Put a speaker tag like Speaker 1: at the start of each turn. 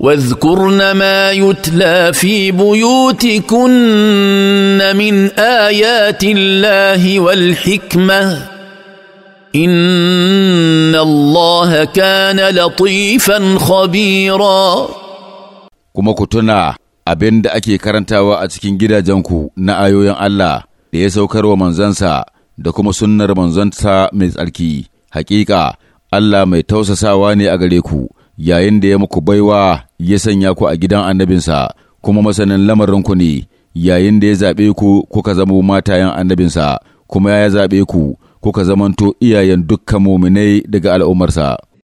Speaker 1: واذكرن ما يتلى في بيوتكن من ايات الله والحكمه ان الله كان لطيفا خبيرا
Speaker 2: kuma ku tuna abin da ake karantawa a cikin gidajenku na ayoyin Allah da ya saukar wa manzansa da kuma sunnar manzansa mai tsarki hakika Allah mai tausasawa ne a gare ku yayin da ya muku baiwa ya sanya ku a gidan annabinsa kuma masanin lamarin ku ne yayin da ya zaɓe ku kuka zama matayen annabinsa kuma ya zaɓe ku kuka zamanto iyayen dukkan muminai daga al'ummarsa.